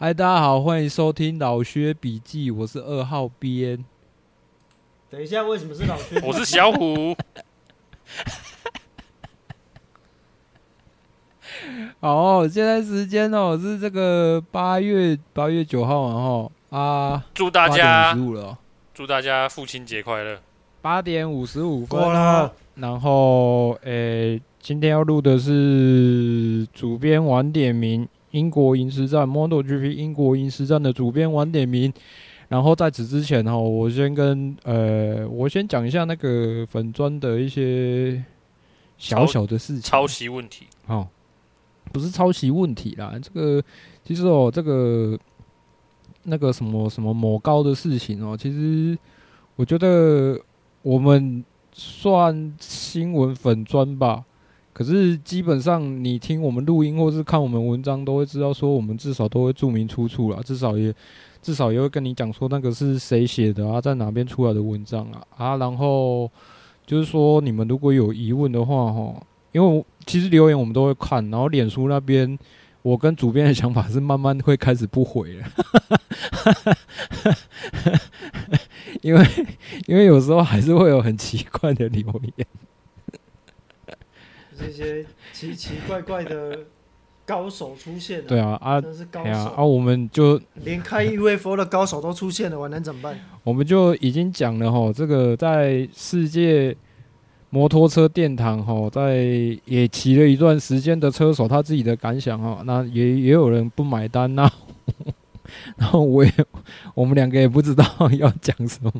嗨，大家好，歡迎收聽《老薛筆記》，我是二號編。等一下，為什麼是老薛？ 我是小虎。 好，哦，現在時間哦是這個八月八月九號，哦，然後啊，祝大家五十五了，祝大家父親節快樂。八點五十五分過了，然後誒，欸，今天要錄的是主編晚點名。英國銀石站，MotoGP，英國銀石站的主編晚點名。然後在此之前哈，我先跟呃，我先講一下那個粉專的一些小小的事情。抄襲問題。哦，不是抄襲問題啦，這個其實哦，這個那個什麼什麼某高的事情哦，其實我覺得我們算新聞粉專吧。可是基本上，你聽我們錄音或是看我們文章，都會知道說我們至少都會注明出處了，至少也至少也會跟你講說那個是誰寫的啊，在哪邊出來的文章啊啊，然後就是說你們如果有疑問的話，哈，因為其實留言我們都會看，然後臉書那邊我跟主編的想法是慢慢會開始不回了， 因為因為有時候還是會有很奇怪的留言。這些奇奇怪怪的高手出現了、啊，對啊啊，真是高手啊！啊我們就連開 UFO 的高手都出現了，我 能怎麼辦？我們就已經講了哈，這個在世界摩托車殿堂哈，在也騎了一段時間的車手他自己的感想哈，那也也有人不買單吶、啊，然 後我也我們兩個也不知道要講什麼。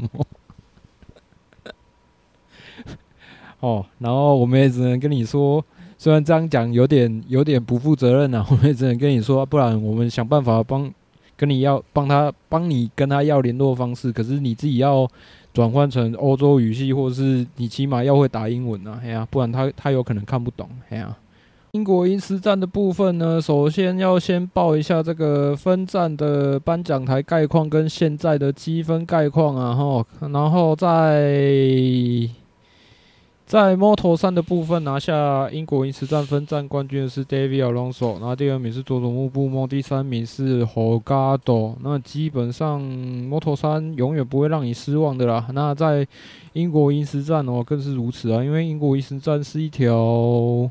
哦，然後我們也只能跟你說，雖然這樣講有點有點不負責任吶、啊，我們也只能跟你說，啊、不然我們想辦法幫，跟你要幫他幫你跟他要聯絡方式，可是你自己要轉換成歐洲語系，或是你起碼要會打英文啊，哎呀、啊，不然他他有可能看不懂，哎呀、啊，英國銀石站的部分呢，首先要先報一下這個分站的頒獎台概況跟現在的積分概況啊，哈、哦，然後再。在 Moto3 的部分拿下英國銀石站分站冠，冠軍的是 David Alonso，然後第二名是佐佐木步夢，第三名是 Holgado。那基本上 Moto3 永遠不會讓你失望的啦。那在英國銀石站的話更是如此啊，因為英國銀石站是一條，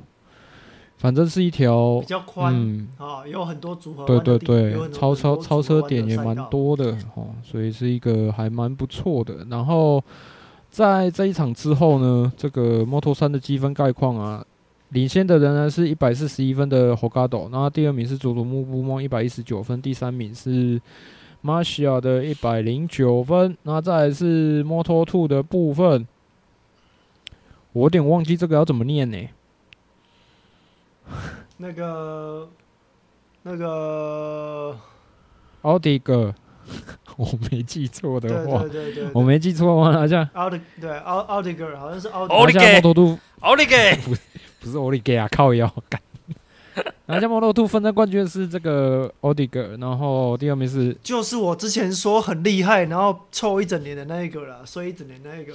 反正是一條比較寬、嗯、啊，有很多組合彎的對對對，超超超車點也蠻多的道、啊、所以是一個還蠻不錯的。然後。在這一場之後呢，這個摩托三的積分概況啊，領先的仍然是一百四十一分的胡 a o，那第二名是祖佐木布夢一百一十九分，第三名是 Masha 的一百零九分，那再來是摩托 o 的部分，我有點忘記這個要怎麼念呢、欸？那個那個奧 迪哥。我沒記錯的話，對對對我沒記錯，的話，好像，對，奧奧迪哥好像是奧迪。哪家摩托兔？奧利給！不不是奧利給啊，靠腰桿。拿下摩托兔分站冠軍是這個奧迪哥，然後第二名是就是我之前說很厲害，然後抽一整年的那一個了，摔一整年那一個。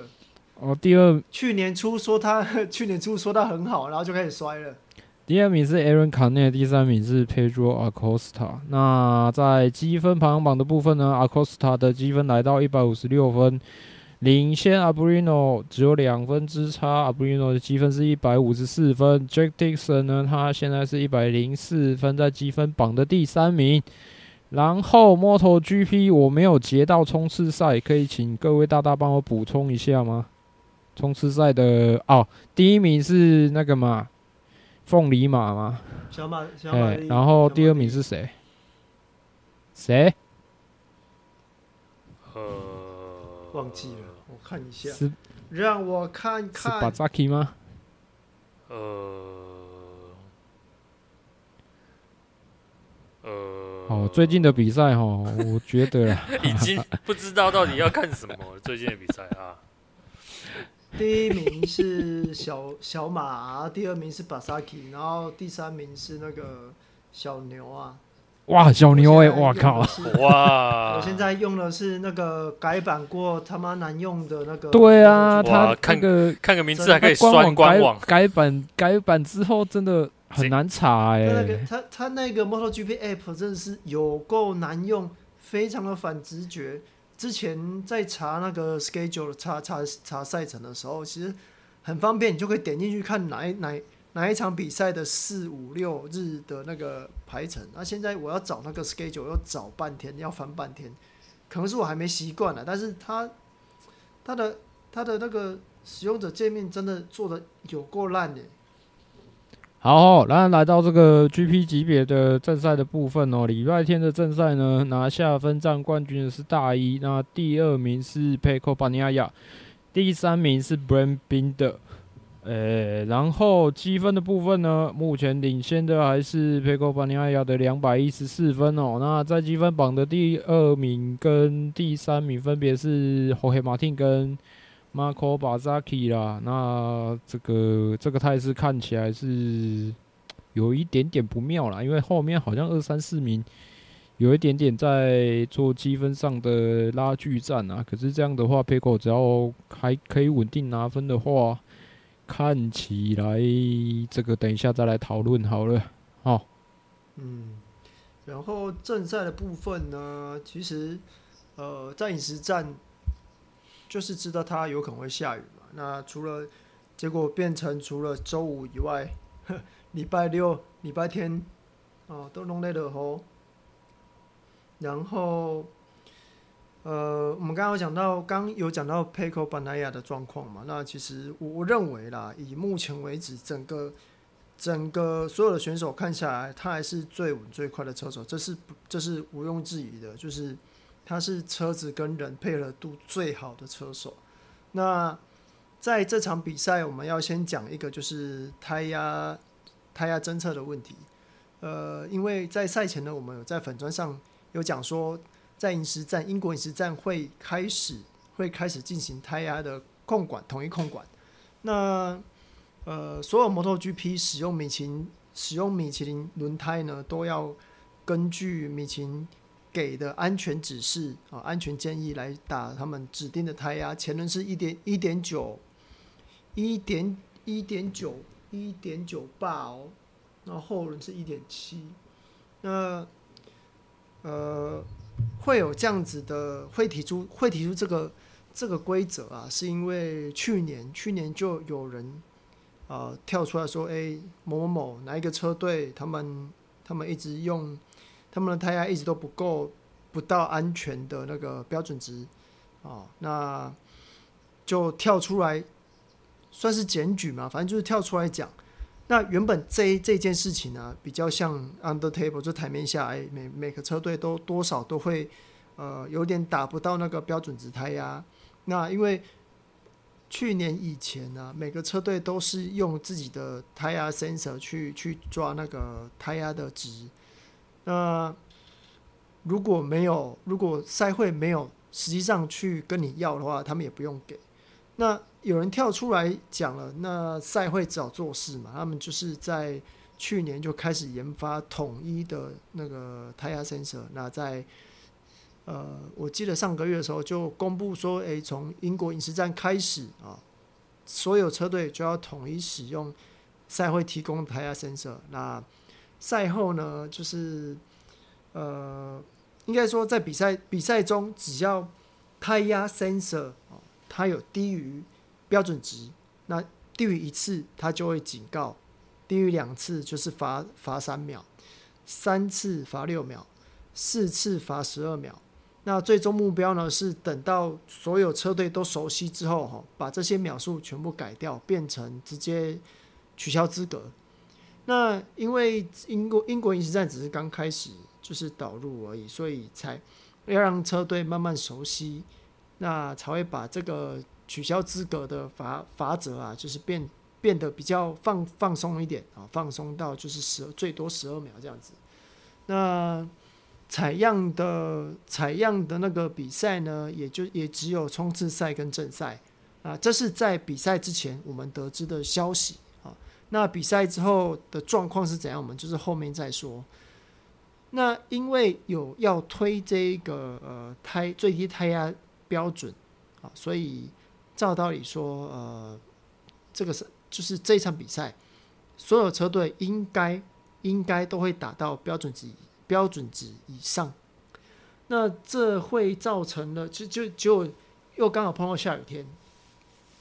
哦，第二去年初說他去年初說他很好，然後就開始摔了。第二名是 Aron Canet 第三名是 Pedro Acosta。那在積分排行榜的部分呢？Acosta 的積分來到一百五十六分，領先 Arbolino 只有兩分之差。Arbolino 的積分是一百五十四分。Jack Dixon 呢？他現在是一百零四分，在積分榜的第三名。然後 MotoGP，我沒有截到衝刺賽，可以請各位大大幫我補充一下嗎？衝刺賽的哦，第一名是那個嘛？鳳梨馬嗎？小馬，小、欸、然後第二名是誰？誰？呃誰、嗯，忘記了，我看一下。是，讓我看看。是巴扎基嗎？呃、嗯，呃、嗯，哦，最近的比賽哈， 我覺得已經不知道到底要看什麼。 最近的比賽啊。 第一名是小小馬，第二名是巴薩奇，然後第三名是那個小牛啊！哇，小牛哎、欸，我靠，哇！我現在用的是那個改版過，他媽難用的那個。對啊，他看個看個名字還可以。算，官網。改版改版之後真的很難查哎、欸。他這他那個，個 Moto GP App 真的是有夠難用，非常的反直覺。之前在查那個 schedule 查查查賽程的時候，其實很方便，你就可以點進去看哪一哪一哪一場比賽的四五六日的那個排程。那、啊、現在我要找那個 schedule 要找半天，要翻半天，可能是我還沒習慣了。但是它它的它的那個使用者界面真的做得有夠爛的。好，然後來到這個 GP 級別的正賽的部分哦、喔。禮拜天的正賽呢，拿下分站冠軍的是大一，那第二名是 Pecco Bagnaia，第三名是 Brad Binder。呃、欸，然後積分的部分呢，目前領先的還是 Pecco Bagnaia 的兩百一十四分哦、喔。那在積分榜的第二名跟第三名分別是侯黑馬丁跟，Marco Bezzecchi 啦，那這個這個態勢看起來是有一點點不妙啦，因為後面好像二三四名有一點點在做積分上的拉鋸戰啊。可是這樣的話，Pecco 只要還可以穩定拿分的話，看起來這個等一下再來討論好了。好，嗯，然後正賽的部分呢，其實呃在銀石站。就是知道它有可能會下雨嘛，那除了結果變成除了週五以外，禮拜六、禮拜天哦都弄累了、哦。吼，然後，呃，我們剛剛有講到，剛有講到 Pecco Bagnaia 的狀況嘛，那其實我我認為啦，以目前為止整個整個所有的選手看下來，他還是最穩最快的車手，這是這是毋庸置疑的，就是。它是車子跟人配合度最好的車手。那在這場比賽，我們要先講一個，就是胎壓、胎壓偵測的問題。呃，因為在賽前呢，我們有在粉專上有講說，在銀石站、英國銀石站會開始會開始進行胎壓的控管，統一控管。那呃，所有摩托 GP 使用米其林、使用米其林輪胎呢，都要根據米其林。給的安全指示啊，安全建議來打他們指定的胎壓，啊，前輪是一點一點九，一點一點九，一點九八哦，那後輪是一點七，那呃會有這樣子的，會提出會提出這個這個規則啊，是因為去年去年就有人啊，呃、跳出來說，哎，某某某哪一個車隊，他們他們一直用。他們的胎壓一直都不夠，不到安全的那個標準值，哦，那就跳出來，算是檢舉嘛，反正就是跳出來講。那原本這這件事情呢、啊，比較像 under table，就台面下來，每每個車隊都多少都會，呃，有點打不到那個標準值胎壓。那因為去年以前呢、啊，每個車隊都是用自己的胎壓 sensor 去去抓那個胎壓的值。那如果沒有，如果賽會沒有實際上去跟你要的話，他們也不用給。那有人跳出來講了，那賽會只好做事嘛。他們就是在去年就開始研發統一的那個胎壓 sensor。那在呃，我記得上個月的時候就公布說，哎、欸，從英國銀石站開始啊，所有車隊就要統一使用賽會提供的胎壓 sensor。那賽後呢，就是呃，應該說，在比賽比賽中，只要胎壓 sensor 哦，它有低於標準值，那低於一次它就會警告，低於兩次就是罰罰三秒，三次罰六秒，四次罰十二秒。那最終目標呢，是等到所有車隊都熟悉之後哈、哦，把這些秒數全部改掉，變成直接取消資格。那因為英國英國銀石站只是剛開始就是導入而已，所以才要讓車隊慢慢熟悉，那才會把這個取消資格的罰罰則啊，就是變變得比較放放鬆一點啊，放鬆到就是十最多十二秒這樣子。那採樣的採樣的那個比賽呢，也就也只有衝刺賽跟正賽啊，這是在比賽之前我們得知的消息。那比賽之後的狀況是怎樣？我們就是後面再說。那因為有要推這個呃胎，最低胎壓標準啊，所以照道理說，呃，這個是就是這一場比賽所有車隊應該應該都會達到標準值，標準值以上。那這會造成了就就就又剛好碰到下雨天，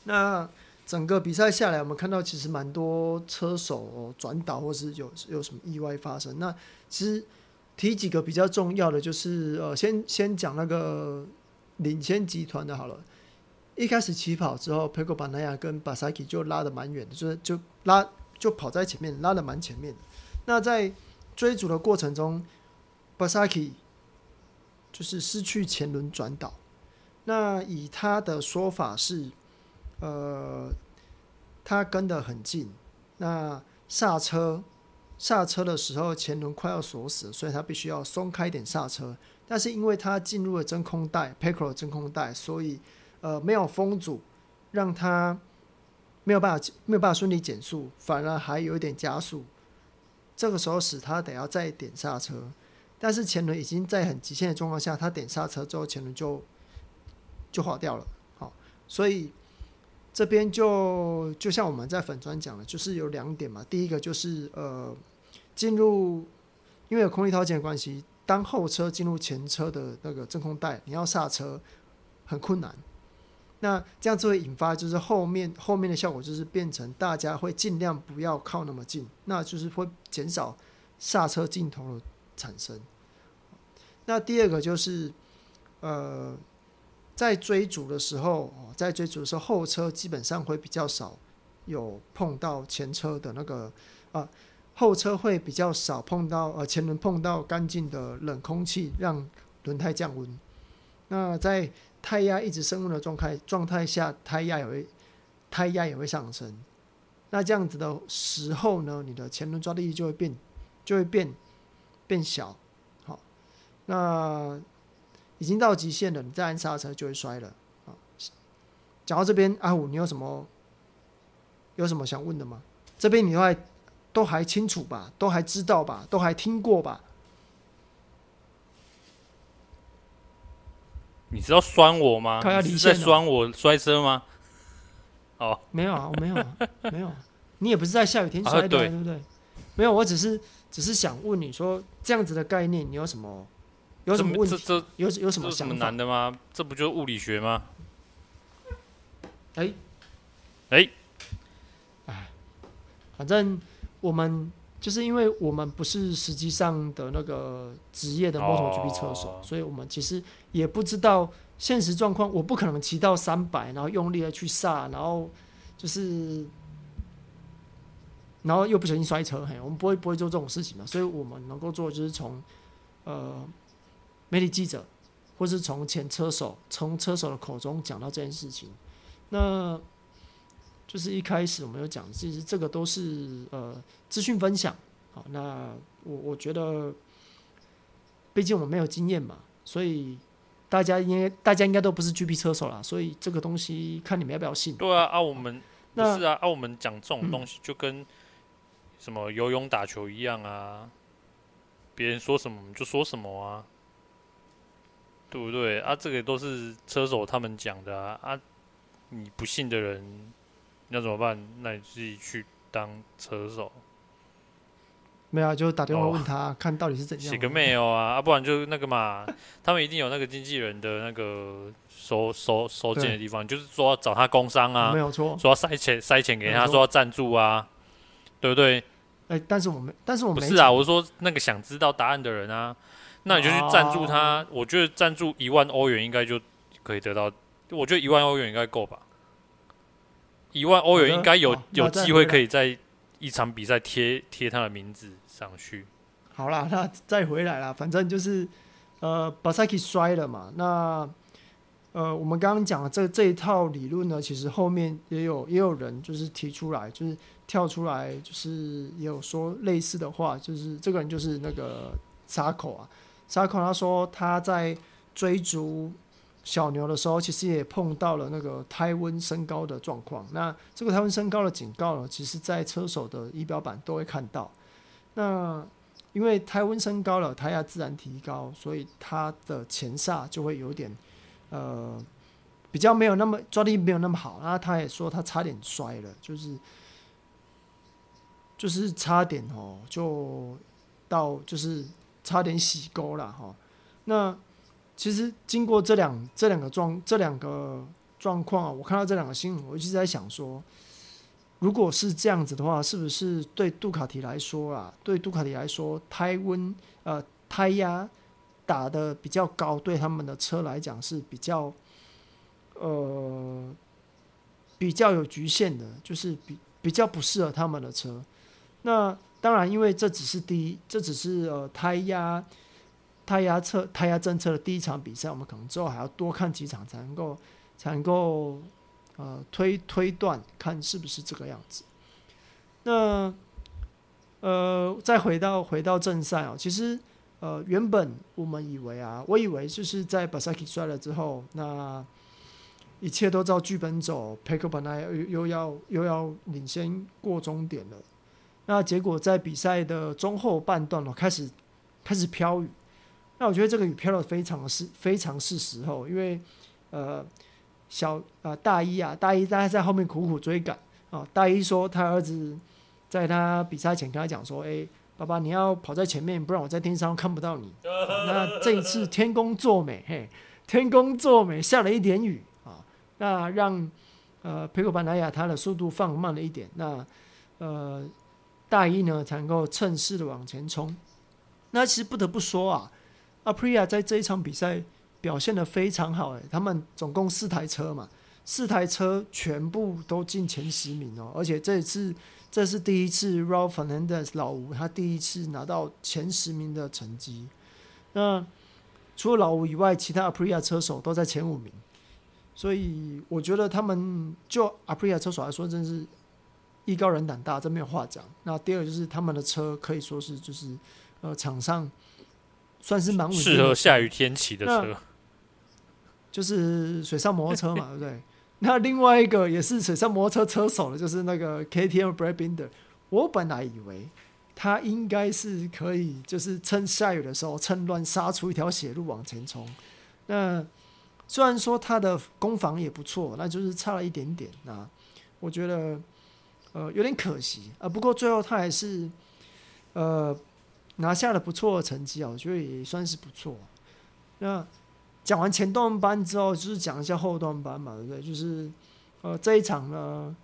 那。整個比賽下來，我們看到其實蠻多車手轉倒，或是有有什麼意外發生。那其實提幾個比較重要的，就是呃，先先講那個領先集團的好了。一開始起跑之後，佩克巴納亞跟巴薩基就拉得蠻遠的，就是就拉就跑在前面，拉得蠻前面。那在追逐的過程中，巴薩基就是失去前輪轉倒。那以他的說法是。呃，它跟得很近。那剎車剎車的時候，前輪快要鎖死，所以它必須要鬆開一點剎車。但是因為它進入了真空帶、嗯、Pecco 真空帶，所以呃沒有風阻，讓它沒有辦法沒有辦法順利減速，反而還有一點加速。這個時候使它得要再點剎車，但是前輪已經在很極限的狀況下，它點剎車之後前輪就就滑掉了。好、哦，所以。這邊就就像我們在粉專講的，就是有兩點嘛。第一個就是呃，進入因為有空氣套件的關係，當後車進入前車的那個真空帶，你要剎車很困難。那這樣子會引發就是後面後面的效果就是變成大家會盡量不要靠那麼近，那就是會減少剎車鏡頭的產生。那第二個就是呃。在追逐的時候，在追逐的時候，後車基本上會比較少有碰到前車的那個，啊、呃，後車會比較少碰到，呃，前輪碰到乾淨的冷空氣，讓輪胎降溫。那在胎壓一直升溫的狀態狀態下，胎壓也會，胎壓也會上升。那這樣子的時候呢，你的前輪抓地力就會變，就會變變小。好、哦，那。已經到極限了，你再按剎車就會摔了啊！講到這邊，阿、啊、五，你有什麼有什麼想問的嗎？這邊你都還都還清楚吧？都還知道吧？都還聽過吧？你知道酸我嗎？你是在酸我摔車嗎？哦、沒有啊，我沒有、啊，沒有。你也不是在下雨天摔的，啊、對，對不對？沒有，我只是只是想問你說這樣子的概念，你有什麼？有什麼問題？這有這有什麼想法？這這這什麼難的嗎？這不就是物理學嗎？哎、欸，哎、欸，哎，反正我們就是因為我們不是實際上的那個職業的 MotoGP 車手，oh、所以我們其實也不知道現實狀況。我不可能騎到三百，然後用力的去剎，然後就是，然後又不小心摔車。嘿，我們不會不會做這種事情的。所以我們能夠做就是從呃。嗯媒體記者，或是從前車手從車手的口中講到這件事情，那就是一開始我們有講，其實這個都是呃資訊分享。好，那我我覺得，畢竟我們沒有經驗嘛，所以大家應該大家應該都不是 GP 車手啦。所以這個東西看你們要不要信。對啊，啊，我們不是啊，那啊，我們講這種東西就跟什麼游泳、打球一樣啊，嗯，別人說什麼我們就說什麼啊。對不對啊？這個都是車手他們講的啊！啊你不信的人，那怎麼辦？那你自己去當車手。沒有啊，就打電話問他、啊，哦、看到底是怎樣寫個 mail 啊！啊，不然就那個嘛， 他們一定有那個經紀人的那個收收收件的地方，對就是說要找他工商啊，沒有錯，說要塞錢塞錢給他，說要贊助啊，對不對？哎，但是我們，但是我們不是啊！我說那個想知道答案的人啊。那你就去贊助他，我覺得贊助一萬歐元應該就可以得到，我覺得一萬歐元應該夠吧。一萬歐元應該有有機會可以在一場比賽貼貼他的名字上去。好啦，那再回來啦，反正就是呃 Bezzecchi 摔了嘛。那呃，我們剛剛講的這這一套理論呢，其實後面也有也有人就是提出來，就是跳出來，就是也有說類似的話，就是這個人就是那個 Zarco 啊。沙克他說他在追逐小牛的時候，其實也碰到了那個胎溫升高的狀況。那這個胎溫升高的警告呢，其實在車手的儀表板都會看到。那因為胎溫升高了，胎壓自然提高，所以他的前剎就會有點呃比較沒有那麼抓力，沒有那麼好。那他也說他差點摔了，就是就是差點哦，就到就是。差點洗溝了哈，那其實經過這兩這兩個狀這兩個狀況啊，我看到這兩個新聞，我一直在想說，如果是這樣子的話，是不是對杜卡提來說啊，對杜卡迪來說，胎溫呃胎壓打得比較高，對他們的車來講是比較呃比較有局限的，就是比比較不適合他們的車，那。當然，因為這只是第一，這只是呃胎壓，胎壓測胎壓政策的第一場比賽，我們可能之後還要多看幾場才能夠，才能夠，呃推推斷看是不是這個樣子。那，呃，再回到回到正賽哦，其實呃原本我們以為啊，我以為就是在巴西基摔了之後，那一切都照劇本走，佩克本來又，又要又要領先過終點了。那結果在比賽的中後半段、哦、開始開始飄雨。那我覺得這個雨飄的非常是非常是時候，因為呃小啊、呃、大一啊大一，大家在後面苦苦追趕哦。大一說他兒子在他比賽前跟他講說：“誒、欸，爸爸你要跑在前面，不然我在天上看不到你。 呃”那這一次天公作美，嘿，天公作美，下了一點雨啊、哦，那讓呃佩古巴拿雅他的速度放慢了一點。那呃。大一呢，才能夠趁勢的往前衝。那其實不得不說啊，Aprilia 在這一場比賽表現的非常好，欸、誒，他們總共四台車嘛，四台車全部都進前十名哦、喔，而且這一次這是第一次，Ralph Fernandez 老吳他第一次拿到前十名的成績。那除了老吳以外，其他 Aprilia 車手都在前五名，所以我覺得他們就 Aprilia 車手來說，真是。藝高人膽大，這沒有話講。那第二就是他們的車可以說是就是，呃，場上算是蠻適合下雨天騎的車，就是水上摩托車嘛，對不 對？那另外一個也是水上摩托車，車手的，就是那個 KTM Brad Binder。我本來以為他應該是可以，就是趁下雨的時候，趁亂殺出一條血路往前衝。那雖然說他的攻防也不錯，那就是差了一點點啊，那我覺得。呃，有點可惜啊。不過最後他還是呃拿下了不錯的成績啊、喔，我覺得也算是不錯、啊。那講完前段班之後，就是講一下後段班嘛，對不對？就是呃這一場呢，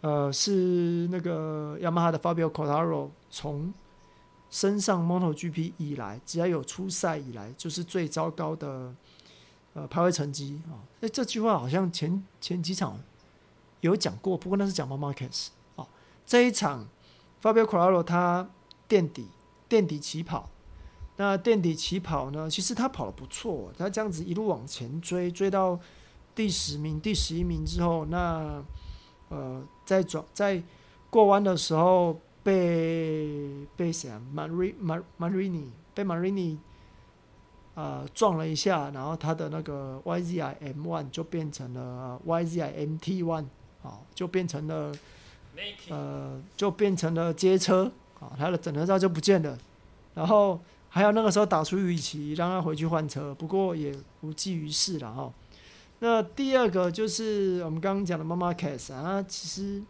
呃是那個雅馬哈的 Fabio Quartararo 從升上 MotoGP 以來，只要有出賽以來，就是最糟糕的呃排位成績啊、喔。那、欸、這句話好像前前幾場有講過，不過那是講 Marquez 這一場，Fabio Quartararo 他墊底，墊底起跑。那墊底起跑呢？其實他跑得不錯，他這樣子一路往前追，追到第十名、第十一名之後，那呃，在轉在過彎的時候被被誰啊，馬瑞馬馬瑞尼 Marini 被 Marini 啊、呃、撞了一下，然後他的那個 YZI M One 就變成了 YZI M T One，就變成了。呃，就變成了街車啊、哦，他的整流罩就不見了。然後還有那個時候打出雨旗，讓他回去換車，不過也無濟於事了哈。那第二個就是我們剛剛講的媽媽 c a s 啊，其實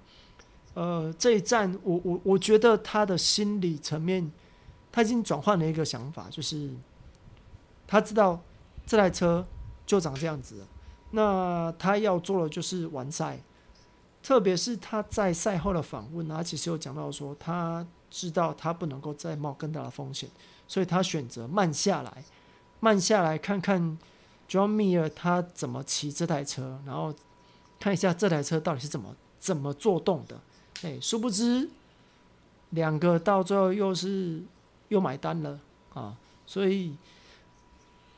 呃，這一站我、我我我覺得他的心理層面，他已經轉換了一個想法，就是他知道這台車就長這樣子，那他要做的就是完賽。特別是他在賽後的訪問，他其實有講到說，他知道他不能夠再冒更大的風險，所以他選擇慢下來，慢下來看看 Joan Mir 他怎麼騎這台車，然後看一下這台車到底是怎麼怎麼做動的。哎、欸，殊不知兩個到最後又是又買單了啊！所以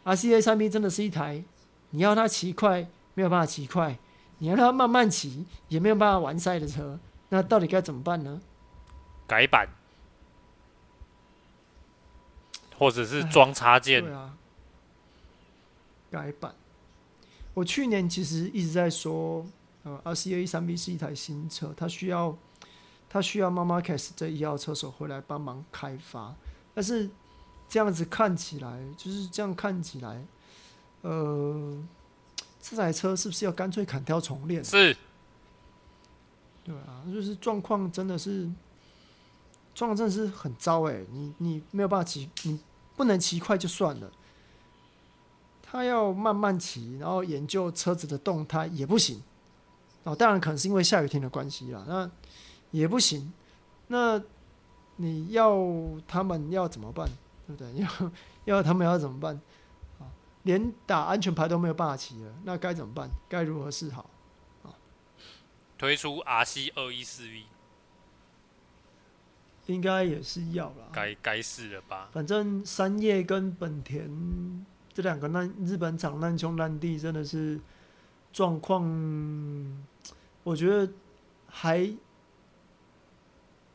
RCA 三 B 真的是一台你要他騎快沒有辦法騎快，你讓他慢慢騎，也沒有辦法完賽的車，那到底該怎麼辦呢？改版，或者是裝插件，哎？對啊，改版。我去年其實一直在說，呃，二十一三 B 是一台新車，它需要它需要媽媽開始 s 這一號車手回來幫忙開發，但是這樣子看起來，就是這樣看起來，呃。這台車是不是要乾脆砍掉重練啊？是對，對啊，就是狀況真的是狀況真的是很糟欸，你你沒有辦法騎，你不能騎快就算了，他要慢慢騎，然後研究車子的動態也不行哦，當然可能是因為下雨天的關係啦，那也不行。那你要他們要怎麼辦？對不對？要要他們要怎麼辦？連打安全牌都沒有霸氣了，那該怎麼辦？該如何是好？推出 RC 二一四 V，應該也是要了，該該是了吧？反正山葉跟本田這兩個難日本廠難兄難弟，真的是狀況，我覺得還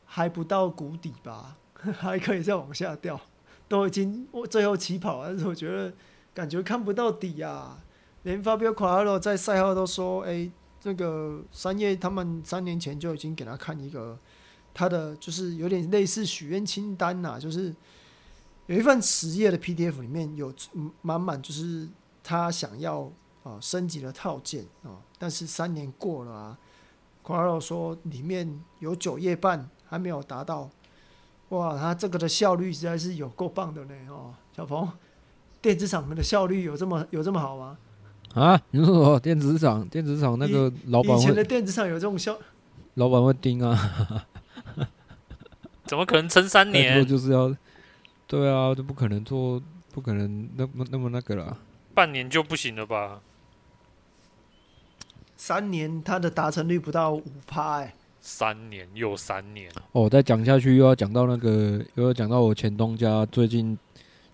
還不到谷底吧， 還可以再往下掉，都已經最後起跑了，但是我覺得。感覺看不到底啊，連 Fabio Quartararo 在賽後都說：“哎、欸，這個山葉他們三年前就已經給他看一個，他的就是有點類似許願清單吶、啊，就是有一份十頁的 PDF 裡面有滿滿、嗯、就是他想要啊、呃、升級的套件啊、呃，但是三年過了啊，Quartararo 說裡面有九頁半還沒有達到，哇，他這個的效率實在是有夠棒的呢。哦、呃，小鵬。”電子廠們的效率有這麼有這麼好嗎？啊，你說說電子廠，電子廠那個老板以前的電子廠有這種效，老板會盯啊 ，怎麼可能撐三年？做就是要，對啊，就不可能做，不可能那麼那麼那個了，半年就不行了吧？三年，他的達成率不到五趴哎，欸、三年又三年哦，再講下去又要講到那個，又要講到我前東家最近。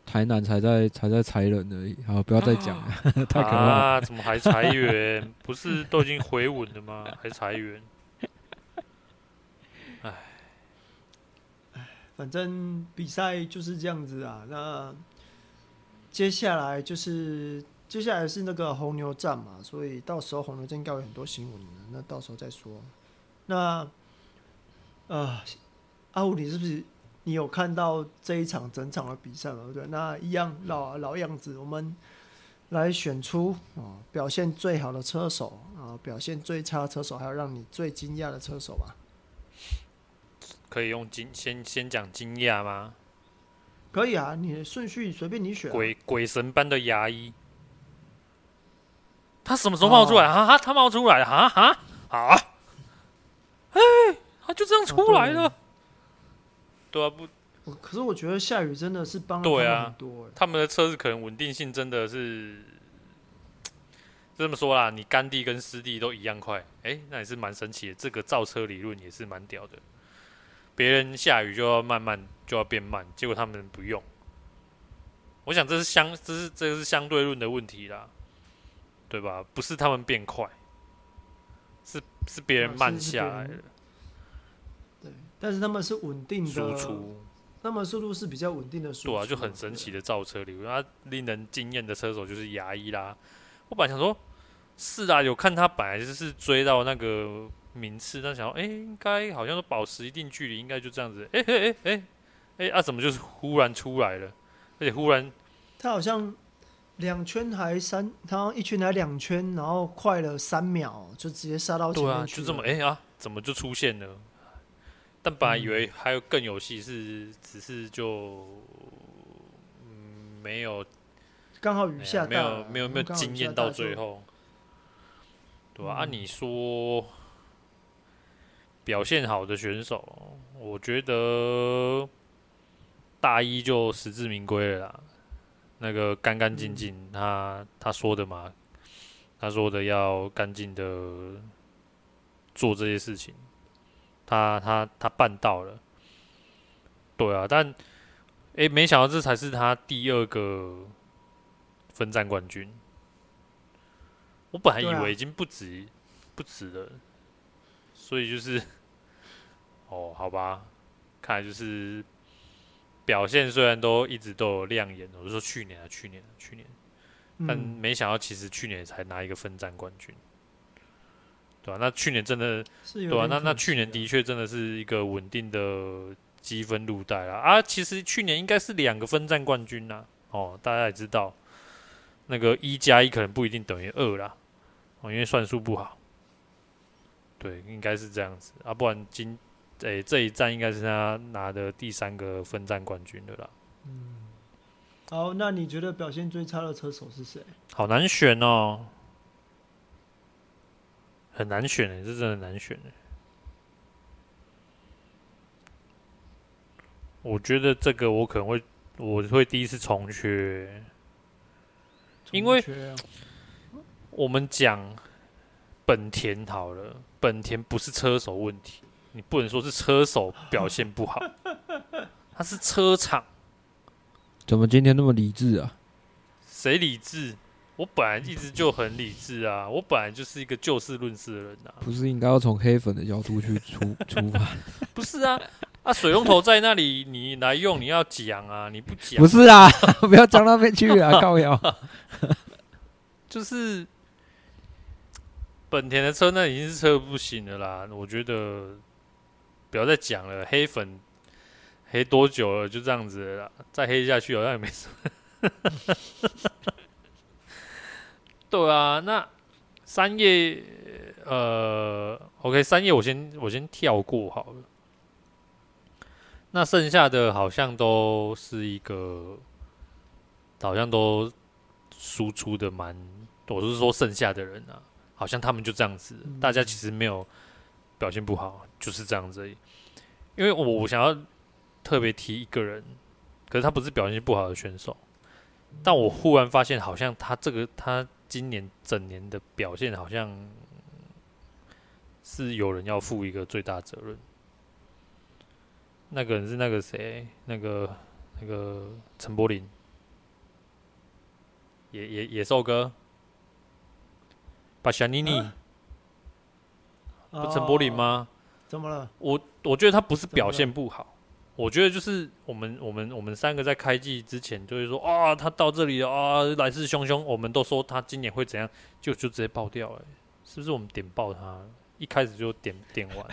台南才在才在裁人而已，好，不要再講了、啊呵呵，太可怕了、啊、怎麼還裁員？ 不是都已經回穩了嗎？還裁員？哎哎 唉，反正比賽就是這樣子啊。那接下來就是接下來是那個紅牛站嘛，所以到時候紅牛站應該有很多新聞，那到時候再說。那啊、呃，阿武你是不是？你有看到這一場整場的比賽嗎？對，那一樣老老樣子，我們來選出啊、呃、表現最好的車手啊、呃，表現最差車手，還有讓你最驚訝的車手吧。可以用驚先先講驚訝嗎？可以啊，你的順序隨便你選、啊。鬼鬼神般的牙醫，他什麼時候冒出來？啊哈，他冒出來了，啊哈，哈啊！哎、欸，他就這樣出來了。啊對啊，不，我可是我覺得下雨真的是幫了他們很多欸。對啊，他們的車子可能穩定性真的是這麼說啦，你乾地跟濕地都一樣快，誒、欸，那也是蠻神奇的。這個造車理論也是蠻屌的。別人下雨就要慢慢就要變慢，結果他們不用。我想這是相這是這是相對論的問題啦，對吧？不是他們變快，是是別人慢下來了。啊是是但是他們是穩定的輸出，他們速度是比較穩定的速度啊，就很神奇的造車流。他了、啊、令人驚艷的車手就是牙醫啦。我本來想說，是啊，有看他本來就是追到那個名次，但想說哎、欸，應該好像都保持一定距離，應該就這樣子。哎哎哎哎哎，怎麼就是忽然出來了？而且忽然，他好像兩圈還三，他一圈還兩圈，然後快了三秒，就直接殺到前面去了。對啊，就這麼哎、欸、啊，怎麼就出現了？但本來以為還有更有戲，是只是就沒有，剛好雨下沒有沒有沒有經驗到最後，對吧？按你說，表現好的選手，我覺得大一就實至名歸了啦。那個乾干淨淨，他他說的嘛，他說的要乾淨的做這些事情。他他他辦到了，對啊，但誒、欸，沒想到這才是他第二個分站冠軍。我本來以為已經不止不止了，所以就是哦，好吧，看來就是表現雖然都一直都有亮眼，我是說去年啊，去年，去年，但沒想到其實去年才拿一個分站冠軍。對吧、啊？那去年真的，是有的對吧、啊？那那去年的確真的是一個穩定的積分入袋了啊。其實去年應該是兩個分站冠軍啦。哦，大家也知道，那個一加一可能不一定等於二啦。哦，因為算術不好。對，應該是這樣子啊。不然今誒、欸、這一站應該是他拿的第三個分站冠軍的啦。嗯。好，那你覺得表現最差的車手是誰？好難選哦。很難選的、欸，這真的很難選的、欸，我覺得這個我可能會，我會第一次重缺、欸，因為我們講本田好了，本田不是車手問題，你不能說是車手表現不好，他是車廠。怎麼今天那麼理智啊？誰理智？我本來一直就很理智啊，我本來就是一個就事論事的人啊，不是應該要從黑粉的角度去出 出發？不是啊，啊，水龍頭在那裡，你來用，你要講啊，你不講？不是啊， 不要講那邊去啊，靠腰 謠。 就是本田的車，那已經是車不行了啦。我覺得不要再講了，黑粉黑多久了，就這樣子了啦，再黑下去好像也沒什麼。 對啊，那三頁呃，OK，三頁我先我先跳過好了。那剩下的好像都是一個，好像都輸出的蠻，我是說剩下的人啊，好像他們就這樣子，嗯、大家其實沒有表現不好，就是這樣子而已。因為我我想要特別提一個人，可是他不是表現不好的選手，嗯、但我忽然發現好像他這個他。今年整年的表現，好像是有人要負一個最大責任。那個人是那個誰？那個那個陳柏霖，野野野獸哥，把小妮妮，不陳柏霖嗎？哦、怎麼了？我我覺得他不是表現不好。我覺得就是我們我們我們三個在開季之前就會說啊，他到這裡啊，來勢洶洶。我們都說他今年會怎樣，就就直接爆掉哎，是不是我們點爆他，一開始就點點完了？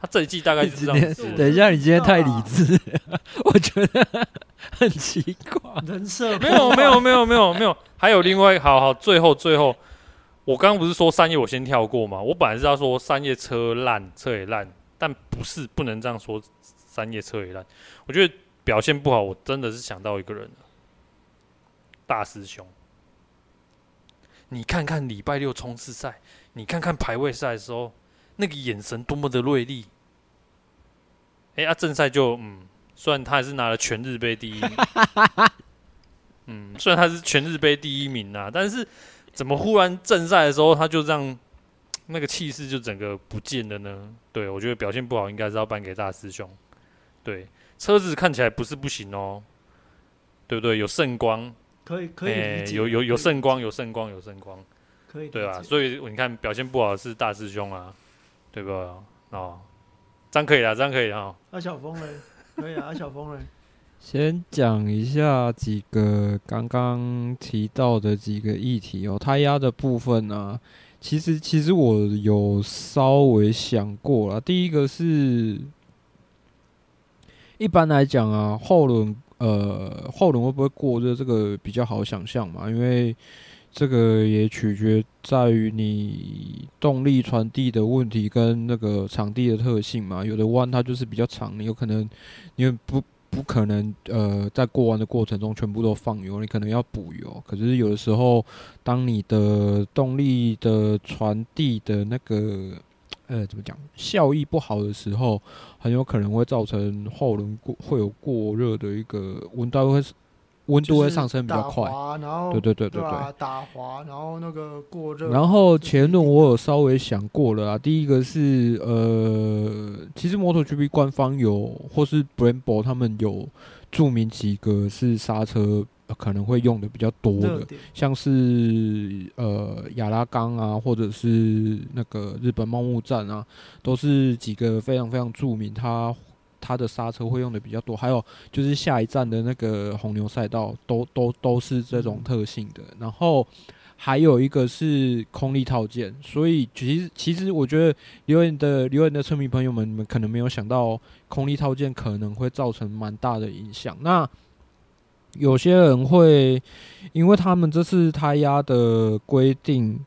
他這一季大概就是這樣子。等一下，你今天太理智，啊、我覺得很奇怪。人設沒有沒有沒有沒有沒有，還有另外一個好好，最後最後，我剛剛不是說山葉我先跳過嗎？我本來是要說山葉車爛車也爛，但不是不能這樣說。三葉車也爛，我覺得表現不好，我真的是想到一個人了，大師兄。你看看禮拜六衝刺賽，你看看排位賽的時候，那個眼神多麼的銳利。哎呀，正賽就嗯，雖然他還是拿了全日杯第一名，嗯，雖然他是全日杯第一名啊，但是怎麼忽然正賽的時候他就讓那個氣勢就整個不見了呢？對，我覺得表現不好，應該是要頒給大師兄。對，車子看起來不是不行哦，對不對？有聖光可，可以、欸、可以有有有聖光，有聖光，有聖光，可以對啊。所以你看，表現不好是大師兄啊，對吧？哦，這樣可以的，這樣可以哈。哦、阿小峰嘞，可以啊， 阿小峰嘞。先講一下幾個剛剛提到的幾個議題哦，胎壓的部分呢、啊，其實其實我有稍微想過啦，第一個是。一般來講啊，後輪呃後輪會不會過熱，這個比較好想象嘛，因為這個也取決在於你動力傳遞的問題跟那個場地的特性嘛。有的彎它就是比較長，你有可能你不不可能呃在過彎的過程中全部都放油，你可能要補油。可是有的時候，當你的動力的傳遞的那個。呃、嗯，怎麼講？效益不好的時候，很有可能會造成後輪過會有過熱的一個溫度會溫度會上升比較快，對對對對對,對、啊，打滑，然後那個過熱。然後前輪我有稍微想過了啊，第一個是呃，其實摩托 GP 官方有，或是 Brembo 他們有註明幾個是剎車。可能會用的比較多的，像是呃雅拉岡啊，或者是那個日本茂木站啊，都是幾個非常非常著名，它，它的剎車會用的比較多。還有就是下一站的那個紅牛賽道，都都都是這種特性的。然後還有一個是空力套件，所以其實其實我覺得留言的留言的車迷朋友們，你們可能沒有想到空力套件可能會造成蠻大的影響。那有些人會，因為他們這次胎壓的規定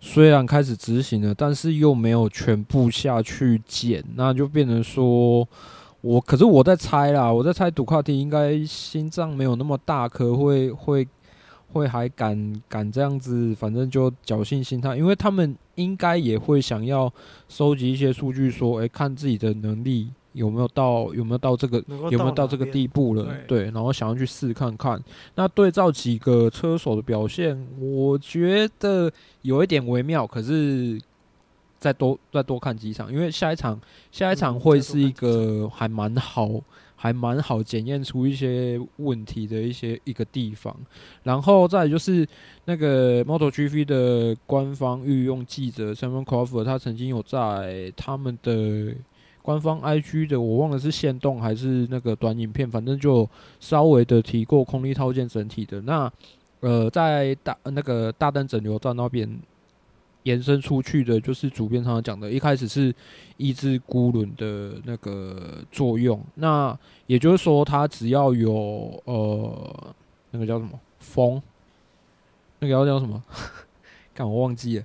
雖然開始執行了，但是又沒有全部下去減，那就變成說，我可是我在猜啦，我在猜杜卡迪應該心臟沒有那麼大顆，會會會還敢敢這樣子，反正就僥倖心態，因為他們應該也會想要收集一些數據，說，哎，看自己的能力。有沒有到有沒有到這個到有沒有到這個地步了？對，然後想要去試看看。欸、那對照幾個車手的表現，我覺得有一點微妙。可是再多再多看幾場，因為下一場下一場會是一個還蠻好還蠻好檢驗出一些問題的一些一個地方。然後再來就是那個 MotoGP 的官方御用記者 Simon Crawford、嗯、他曾經有在他們的。官方 IG 的我忘了是限動還是那個短影片，反正就稍微的提過空力套件整體的。那呃，在大那個大燈整流罩那邊延伸出去的，就是主編常常講的，一開始是抑制孤輪的那個作用。那也就是說，它只要有呃那個叫什麼風，那個要叫什麼？ 幹，我忘記了。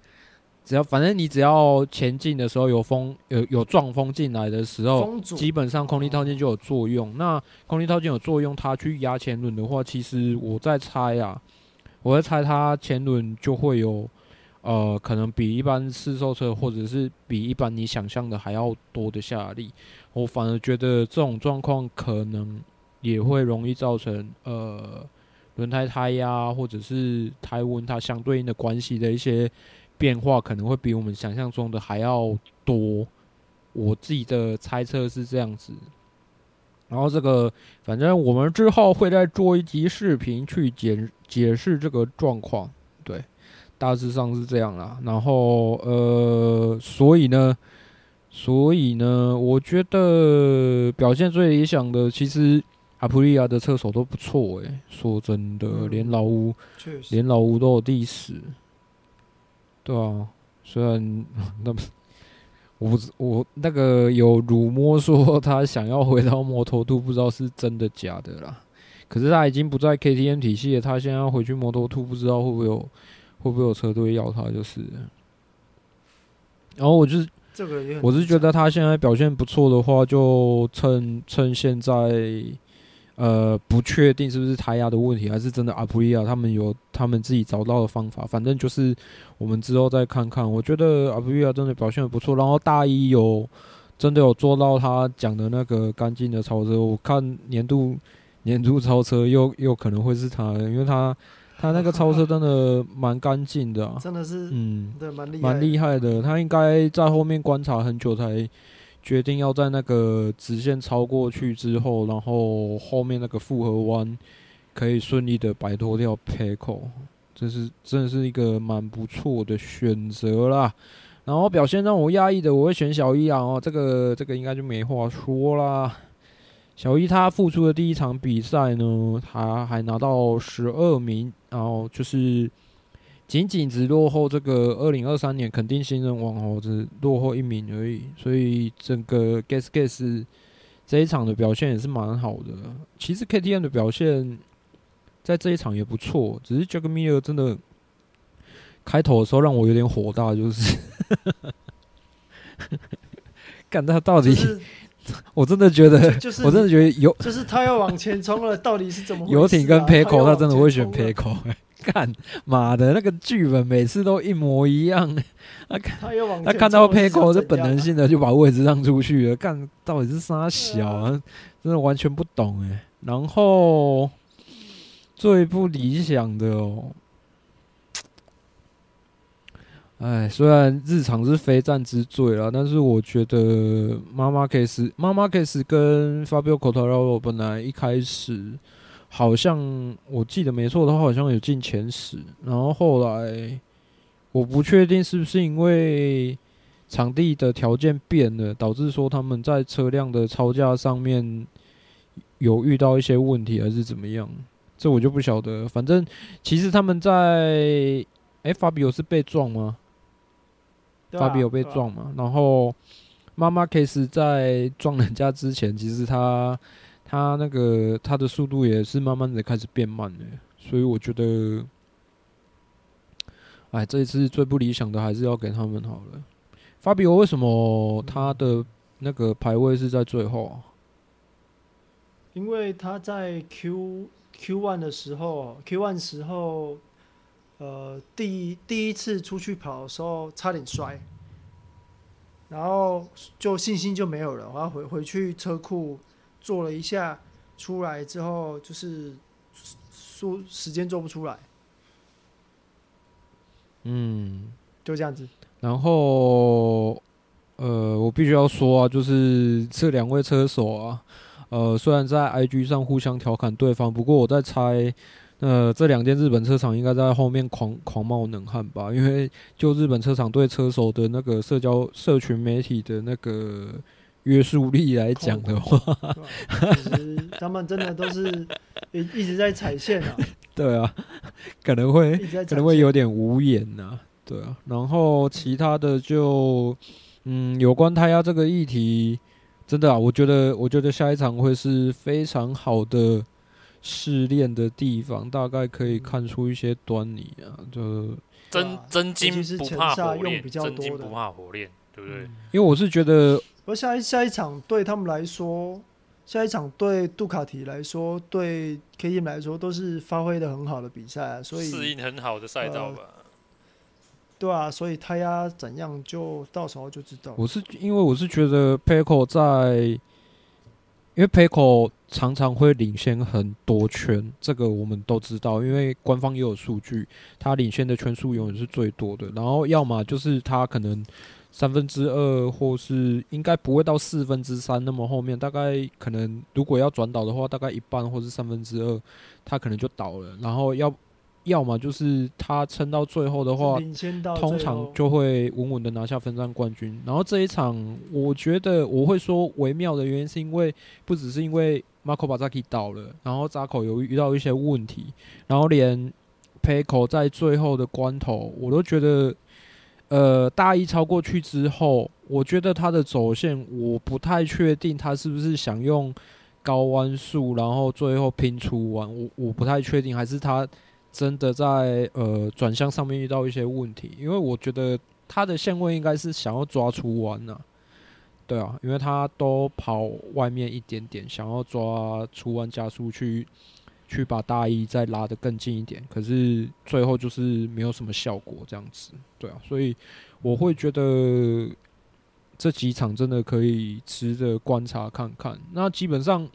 只要反正你只要前進的時候有風有有撞風進來的時候，基本上空力套件就有作用。那空力套件有作用，它去壓前輪的話，其實我在猜啊，我在猜它前輪就會有呃，可能比一般市售車或者是比一般你想象的還要多的下力。我反而覺得這種狀況可能也會容易造成呃輪胎胎壓、啊、或者是胎溫它相對應的關係的一些。變化可能會比我們想象中的還要多，我自己的猜測是這樣子。然後這個，反正我們之後會再做一集視頻去解解釋這個狀況。對，大致上是這樣啦。然後呃，所以呢，所以呢，我覺得表現最理想的，其實阿普利亞的車手都不錯誒，說真的，連老烏、連老烏都有第十。對啊，雖然那不是我我那個有辱沒說他想要回到 Moto2，不知道是真的假的啦。可是他已經不在 KTM 體系了，他現在要回去 Moto2，不知道會不會有會不會有車隊要他，就是。然後我就是這個，我是覺得他現在表現不錯的話，就趁趁現在。呃，不確定是不是胎壓的問題，還是真的阿普利亞他們有他們自己找到的方法。反正就是我們之後再看看。我覺得阿普利亞真的表現的不錯，然後大一有真的有做到他講的那個乾淨的超車。我看年度年度超車又又可能會是他，因為他他那個超車真的蠻乾淨的、啊，真的是，嗯，對，蠻厲害，害的。他應該在後面觀察很久才。決定要在那個直線超過去之後，然後後面那個複合彎可以順利的擺脫掉 Pecco，這是真的是一個蠻不錯的選擇啦。然後表現讓我訝異的，我會選小一啊！哦，這個這個應該就沒話說啦。小一他復出的第一場比賽呢，他還拿到十二名，然後就是。僅僅只落後這個二零二三年，肯定新人王猴子落後一名而已。所以整個 Gas Gas 這一場的表現也是蠻好的。其實 KTM 的表現在這一場也不錯，只是 Jack Miller 真的開頭的時候讓我有點火大，就是， 幹他到底？我真的覺得，我真的覺得有、就是，就是他要往前衝了，到底是怎麼回事、啊？遊艇跟 Pecco 他真的會選 Pecco 幹媽的那個劇本每次都一模一樣？他看他，他看到 p e e o 這本能性的就把位置讓出去了。看到底是啥小，啊，啊、真的完全不懂哎。然後最不理想的，喔，哦。哎，雖然日常是非戰之罪啦，但是我覺得媽媽 Case 媽媽 Case 跟 Fabio 口頭肉本來一開始。好像我記得沒錯的話，好像有進前十。然後後來我不確定是不是因為場地的條件變了，導致說他們在車輛的操駕上面有遇到一些問題，還是怎麼樣？這我就不曉得。反正其實他們在，a、欸、Fabio 是被撞嗎？啊、Fabio 被撞嘛？啊、然後媽媽 case 在撞人家之前，其實他。他那個他的速度也是慢慢的開始變慢了、欸，所以我覺得，哎，這一次最不理想的還是要給他們好了。法比歐為什麼他的那個排位是在最後、啊？因為他在 Q Q one 的時候，Q one 時候，呃，第一第一次出去跑的時候差點摔，然後就信心就沒有了，我要回回去車庫。做了一下，出來之後就是說時間做不出來，嗯，就這樣子。嗯，然後，呃，我必須要說啊，就是這兩位車手啊，呃，雖然在 IG 上互相調侃對方，不過我在猜，呃，這兩間日本車廠應該在後面狂狂冒冷汗吧？因為就日本車廠對車手的那個社交社群媒體的那個，約束力來講的話，啊啊，其實他們真的都是一直在踩線啊。 對啊，可能會可能會有點無言吶，啊。對啊，然後其他的就嗯，有關胎壓這個議題，真的啊，我覺得我覺得下一場會是非常好的試煉的地方，大概可以看出一些端倪啊。就真真金不怕火煉，尤其是前胎用比較多的，真金不怕火煉，對不對？嗯，因為我是覺得。而下一下一場對他們來說，下一場對杜卡提來說，對 KTM 來說都是發揮的很好的比賽，啊，所以適應很好的賽道吧。呃、對啊，所以胎壓怎樣就到時候就知道。我是因為我是覺得 Paco 在，因為 Paco 常常會領先很多圈，這個我們都知道，因為官方也有數據，他領先的圈數永遠是最多的。然後要麼就是他可能。三分之二，或是應該不會到四分之三。那麼後面大概可能，如果要轉倒的話，大概一半或是三分之二，他可能就倒了。然後要要麼就是他撐到最後的話，通常就會穩穩的拿下分站冠軍。然後這一場，我覺得我會說微妙的原因，是因為不只是因為馬 a 把 z a 倒了，然後扎口有遇到一些問題，然後連 p 口在最後的關頭，我都覺得。呃，大一超過去之後，我覺得他的走線我不太確定，他是不是想用高彎速，然後最後拼出彎？我我不太確定，還是他真的在呃轉向上面遇到一些問題？因為我覺得他的線位應該是想要抓出彎啊，對啊，因為他都跑外面一點點，想要抓出彎加速去。去把大衣再拉得更近一點，可是最後就是沒有什麼效果這樣子，對啊，所以我會覺得這幾場真的可以值得觀察看看。那基本上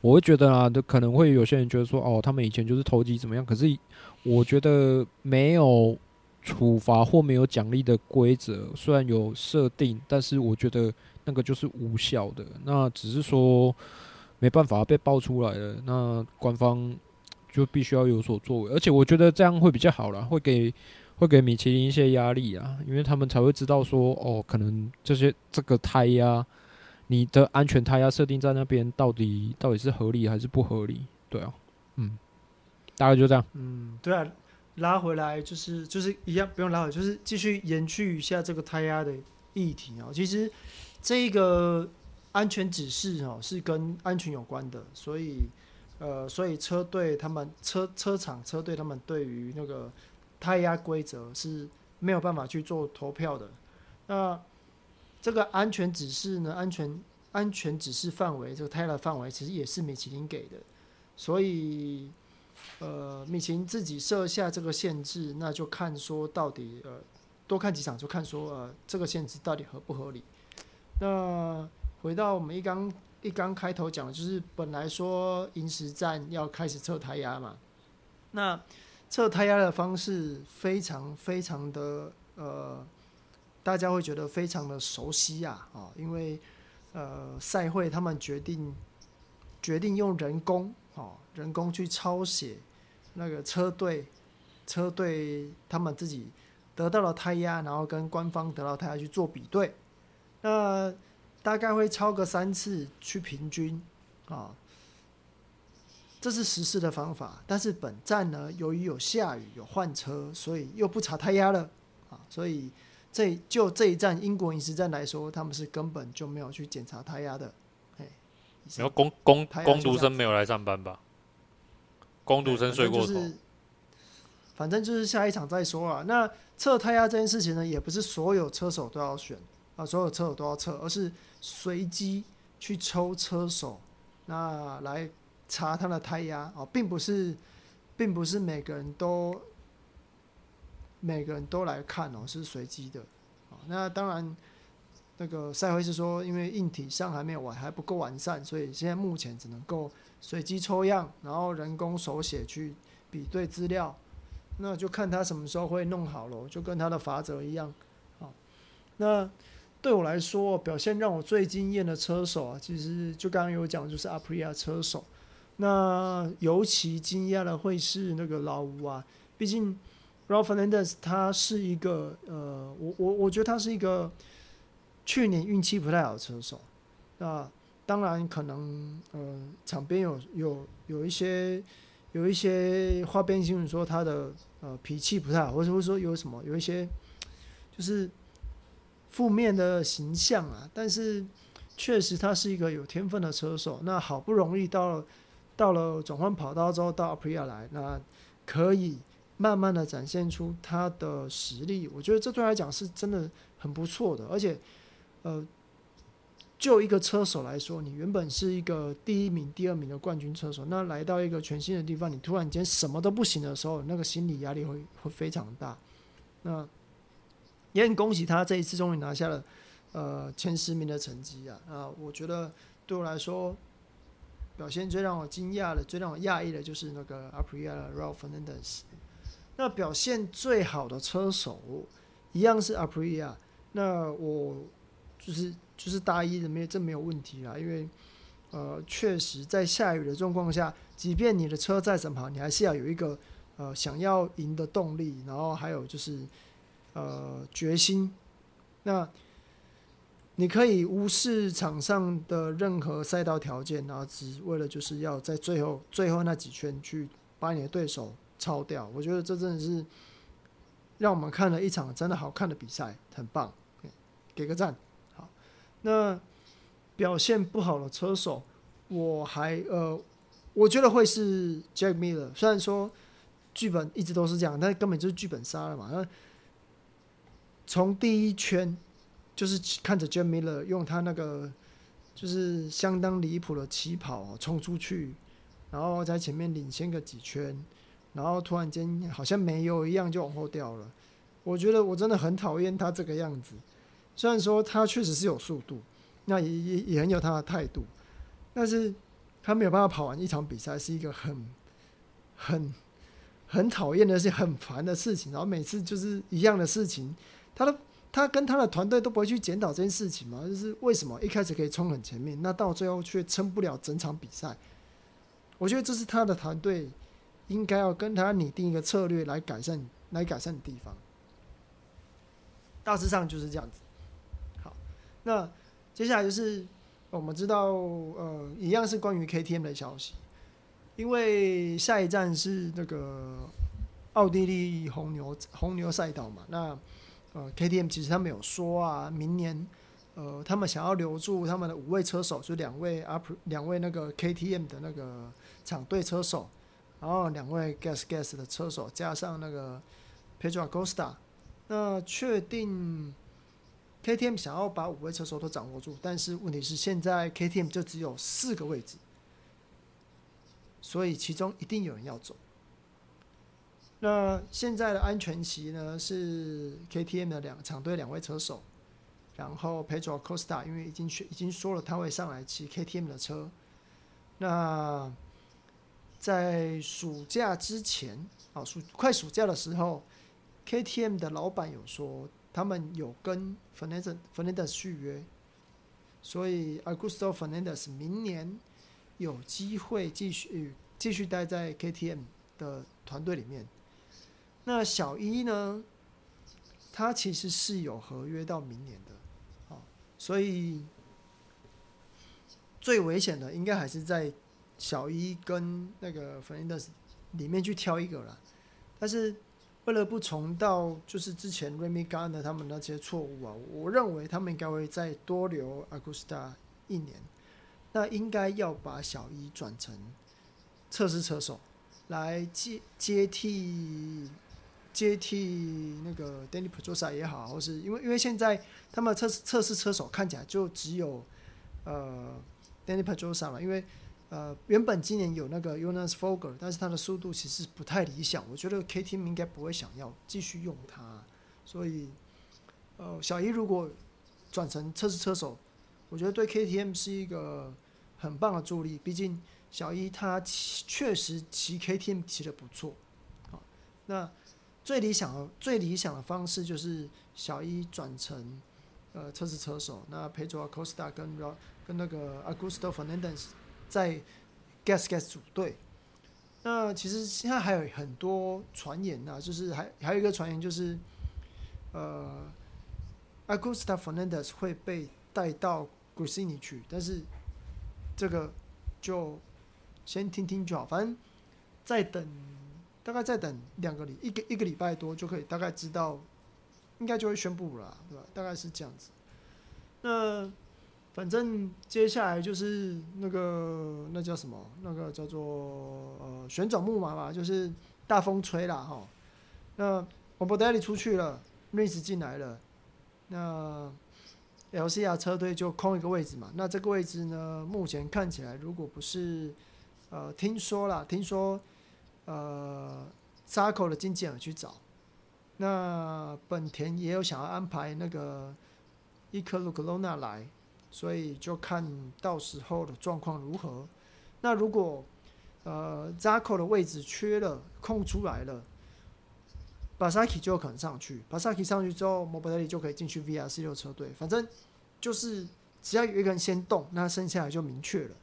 我會覺得啊，就可能會有些人覺得說，哦，他們以前就是投機怎麼樣？可是我覺得沒有處罰或沒有獎勵的規則，雖然有設定，但是我覺得那個就是無效的。那只是說。沒辦法被爆出來了，那官方就必須要有所作為，而且我覺得這樣會比較好啦，會給會給米其林一些壓力啊，因為他們才會知道說，哦，可能這些這個胎壓，你的安全胎壓設定在那邊到底到底是合理還是不合理？對啊，嗯，大概就這樣。嗯，對啊，拉回來就是就是一樣，不用拉回來，就是繼續延續一下這個胎壓的議題啊。其實這個。安全指示哦，是跟安全有關的，所以，呃，所以車隊他們車、車廠車隊他們對於那個胎壓規則是沒有辦法去做投票的。那這個安全指示呢，安全安全指示範圍、這個胎壓的範圍其實也是米其林給的，所以，呃，米其林自己設下這個限制，那就看說到底，呃，多看幾場就看說，呃，這個限制到底合不合理。那。回到我們一剛一剛開頭講，就是本來說銀石站要開始測胎壓嘛，那測胎壓的方式非常非常的呃，大家會覺得非常的熟悉呀啊、哦，因為呃賽會他們決定決定用人工哦，人工去抄寫那個車隊車隊他們自己得到了胎壓，然後跟官方得到胎壓去做比對，那。大概會超過三次去平均，啊，這是實施的方法。但是本站呢，由於有下雨、有換車，所以又不查胎壓了，啊，所以這就這一站英國銀石站來說，他們是根本就沒有去檢查胎壓的。然後工工工讀生沒有來上班吧？工讀生睡過頭。反正，就是、反正就是下一場再說啊。那測胎壓這件事情呢，也不是所有車手都要選。啊，所有車手都要測，而是隨機去抽車手，那來查他的胎壓啊、哦，並不是，並不是每個人都每個人都來看哦，是隨機的、哦、那當然，那個賽會是說，因為硬體上還沒有完，還不夠完善，所以現在目前只能夠隨機抽樣，然後人工手寫去比對資料，那就看他什麼時候會弄好了，就跟他的法則一樣啊、哦。那。對我來說，表現讓我最驚艷的車手啊，其實就剛剛有講，就是阿普利亞車手。那尤其驚訝的會是那個老吳啊，畢竟 Raúl Fernández 他是一個呃，我我我覺得他是一個去年運氣不太好的車手，啊，當然可能嗯、呃，場邊有有有一些有一些花邊新聞說他的呃脾氣不太好，或者或者說有什麼有一些就是。負面的形象啊，但是確實他是一個有天分的車手。那好不容易到了到了轉換跑道之後到 Aprilia 來，那可以慢慢的展現出他的實力。我覺得這對來講是真的很不錯的。而且，呃，就一個車手來說，你原本是一個第一名、第二名的冠軍車手，那來到一個全新的地方，你突然間什麼都不行的時候，那個心理壓力會會非常大。那。也很恭喜他這一次終於拿下了，呃，前十名的成績啊！啊、呃，我覺得對我來說，表現最讓我驚訝的、最讓我訝異的，就是那個阿普利亞的 Raul Fernandez，那表現最好的車手一樣是阿普利亞。那我就是就是大一的沒這沒有問題啦，因為呃，確實在下雨的狀況下，即便你的車再怎麼好，你還是要有一個呃想要贏的動力。然後還有就是。呃，決心。那你可以無視場上的任何賽道條件，然後只為了就是要在最後最後那幾圈去把你的對手超掉。我覺得這真的是讓我們看了一場真的好看的比賽，很棒。給個讚。好，那表現不好的車手，我還呃，我覺得會是 Jack Miller。雖然說劇本一直都是這樣，但根本就是劇本殺了嘛。那從第一圈就是看着 Jack Miller 用他那個就是相當離譜的起跑衝、哦、出去，然後在前面領先個幾圈，然後突然間好像沒油一樣就往後掉了。我覺得我真的很討厭他這個樣子。雖然說他確實是有速度，那也也也很有他的態度，但是他沒有辦法跑完一場比賽，是一個很很很討厭的、是很煩的事情。然後每次就是一樣的事情。他的他跟他的團隊都不會去檢討這件事情嘛，就是為什麼一開始可以衝很前面，那到最後卻撐不了整場比賽？我覺得這是他的團隊應該要跟他擬定一個策略來改善、來改善的地方。 大致上就是這樣子。好，那接下來就是我們知道，呃，一樣是關於 KTM 的消息，因為下一站是那個奧地利紅牛紅牛賽道嘛，那。呃，KTM 其實他們有說啊，明年，呃，他們想要留住他們的五位車手，就兩位阿普，兩位那個 KTM 的那個廠隊車手，然後兩位 Gas Gas 的車手，加上那個 Pedro Acosta，那確定 KTM 想要把五位車手都掌握住，但是問題是現在 KTM 就只有四個位置，所以其中一定有人要走。那現在的安全期呢是 KTM 的兩廠隊兩位車手，然後 Pedro Costa 因為已經去已經說了他會上來騎 KTM 的車。那在暑假之前啊暑快暑假的時候，KTM 的老板有說他們有跟 Fernandez Fernandez 續約，所以 Augusto Fernandez 明年有機會繼續繼續待在 KTM 的團隊裡面。那小一呢？他其實是有合約到明年的，所以最危險的應該還是在小一跟那個 Fernandez 裡面去挑一個啦。但是為了不重蹈就是之前 Remy Gardner 他們那些錯誤啊，我認為他們應該會再多留 Acosta 一年。那應該要把小一轉成測試車手來接接替。接替那個 Dani Pedrosa 也好，或是因為因為現在他們測試測試車手看起來就只有呃 Dani Pedrosa 嘛，因為呃原本今年有那個 Jonas Folger，但是他的速度其實不太理想，我覺得 KTM 應該不會想要繼續用他，所以呃小一如果轉成測試車手，我覺得對 KTM 是一個很棒的助力，畢竟小一他騎確實騎 KTM 騎得不錯啊、哦，那。最理想的，最理想的方式就是小一，e，轉成，呃，測試車手。那 Pedro Acosta 跟 od, 跟那個 Augusto Fernandez 在 GasGas 組隊。那其實現在還有很多傳言吶，啊，就是還還有一個傳言就是，呃，Augusto Fernandez 會被帶到 Gresini 去，但是這個就先聽聽就好，反正再等。大概再等兩個禮一個一個禮拜多就可以大概知道，應該就會宣布了啦，對吧？大概是這樣子。那反正接下來就是那個，那叫什麼？那個叫做呃旋轉木馬嘛，就是大風吹啦哈。那我 Morbidelli 出去了，Rins 進來了。那 L C R 車隊就空一個位置嘛。那這個位置呢，目前看起來，如果不是呃聽說啦，聽說。呃，扎口的經紀人去找，那本田也有想要安排那個伊科魯克羅納來，所以就看到時候的狀況如何。那如果呃扎口的位置缺了，空出來了，巴薩基就有可能上去。巴薩基上去之後，莫伯德里就可以進去 VR46 車隊。反正就是只要有一個人先動，那剩下來就明確了。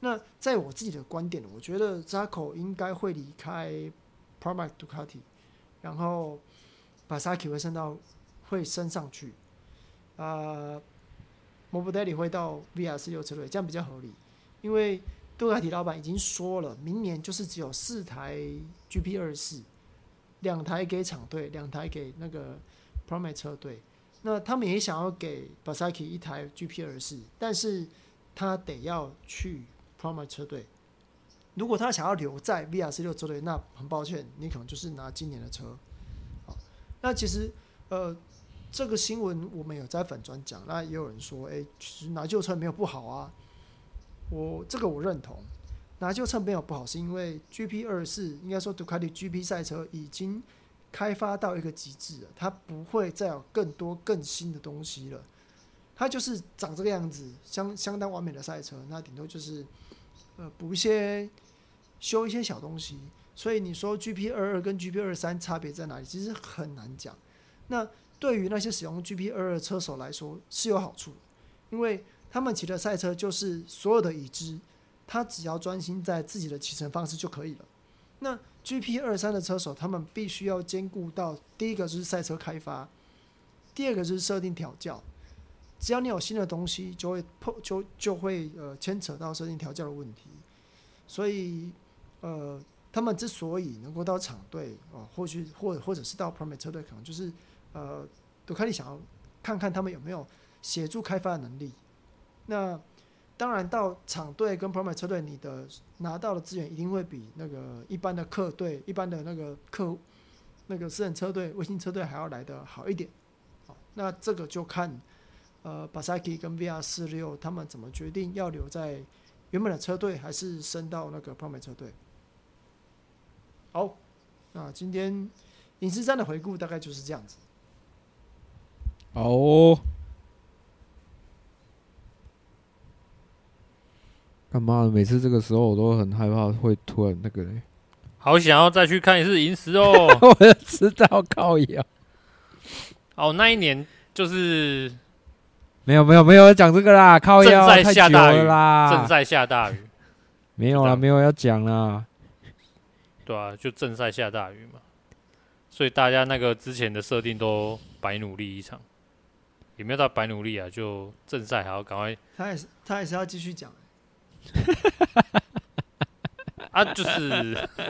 那在我自己的觀點，我覺得扎口應該會離開 Pramac 杜卡迪，然後，巴薩基會升到會升上去，啊、呃，莫布戴里會到 VR46 車隊，這樣比較合理，因為杜卡迪老闆已經說了，明年就是只有四台 GP 二四，兩台給廠隊，兩台給那個 Pramac 車隊，那他們也想要給巴薩基一台 GP 二四，但是他得要去。Pramac 車隊，如果他想要留在 VR46 車隊，16，那很抱歉，你可能就是拿今年的車。好，那其實呃，這個新聞我們有在粉專講，那也有人說，誒、欸，其實拿舊車沒有不好啊。我這個我認同，拿舊車沒有不好，是因為 24, GP 24應該說 Ducati GP 賽車已經開發到一個極致了，它不會再有更多更新的東西了，它就是長這個樣子，相相當完美的賽車，那頂多就是。呃，補一些，修一些小東西，所以你說 GP 二二跟 GP 二三差別在哪裡？其實很難講。那對於那些使用 GP 二二車手來說是有好處的，因為他們騎的賽車就是所有的已知，他只要專心在自己的騎乘方式就可以了。那 GP 二三的車手，他們必須要兼顧到第一個就是賽車開發，第二個就是設定調教。只要你有新的東西就就，就會破，就就會呃牽扯到設定調教的問題。所以，呃，他們之所以能夠到廠隊啊、呃，或許或者或者是到 Pramac 車隊，可能就是呃，Ducati 想要看看他們有沒有協助開發的能力。那當然，到廠隊跟 Pramac 車隊，你的拿到的資源一定會比那個一般的客隊、一般的那個客那個私人車隊、衛星車隊還要來得好一點。那這個就看。呃，巴塞奇跟 VR 四六，他們怎麼決定要留在原本的車隊，還是升到那個泡美車隊？好，那今天銀石站的回顧大概就是這樣子。哦，幹媽的，每次這個時候我都很害怕會突然那個嘞，好想要再去看一次銀石哦， 我要遲到告一樣。哦，那一年就是。沒有沒有沒有要講這個啦，靠腰下大雨啦，正賽下大雨，沒有了、啊、沒有要講啦。對啊，就正賽下大雨嘛，所以大家那個之前的設定都白努力一場，也沒有到白努力啊，就正賽還要趕快他，他也是他也是要繼續講、欸，哈哈哈哈哈哈，啊就是，哈哈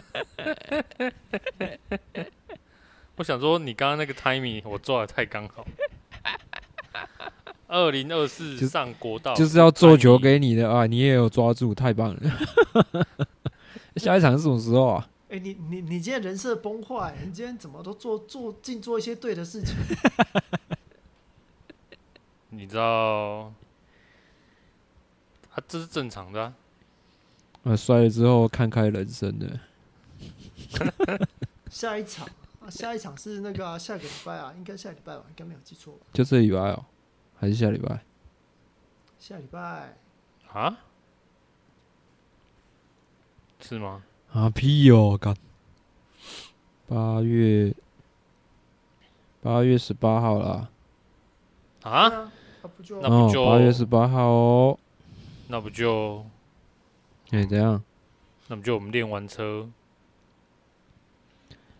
哈哈哈哈，我想說你剛剛那個 timing 我做的太剛好，哈哈哈哈哈哈。二零二四就上國道就，就是要做球給你的你啊！你也有抓住，太棒了。 下一場是什麼時候啊？哎、欸，你你你今天人設崩壞、欸，你今天怎麼都做做盡做一些對的事情？ 你知道，啊，這是正常的。啊，摔了之後看開人生的。下一場下一場是那個、啊、下個禮拜啊，應該下禮拜吧，應該沒有記錯吧？就是以外哦。還是下禮拜？下禮拜啊？是嗎？啊屁哦！八月八月十八號啦！啊？啊不就那不就、哦、八月十八號哦？那不就哎這、欸、樣？那不就我們練完車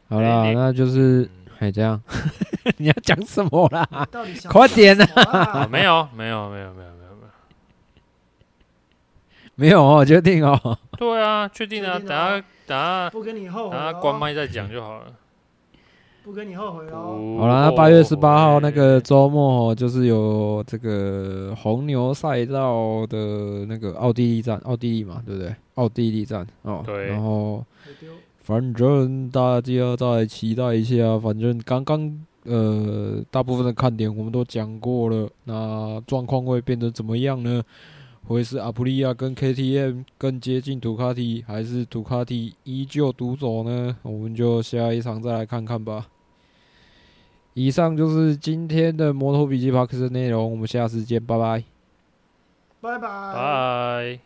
好啦，欸、那就是還、欸欸、這樣。 你要講什麼啦？到底想講什麼啦快點啊，啊！沒有，沒有，沒有，沒有，沒有，沒有， 沒有哦！確定哦？對啊，確定啊！ 等下，等下，不跟你後悔，等下關麥再講就好了。不跟你後悔哦！好啦，八月十八號那個週末，哦，對 就是有這個紅牛賽道的那個奧地利站，奧地利嘛，對不對？奧地利站哦，對。然後，丟反正大家再期待一下，反正剛剛。呃，大部分的看點我們都講過了，那狀況會變得怎麼樣呢？會是阿普利亞跟 KTM 更接近 Ducati，還是 Ducati 依舊獨走呢？我們就下一場再來看看吧。以上就是今天的摩托筆記 Podcast 的內容，我們下次見，拜拜，拜拜，拜。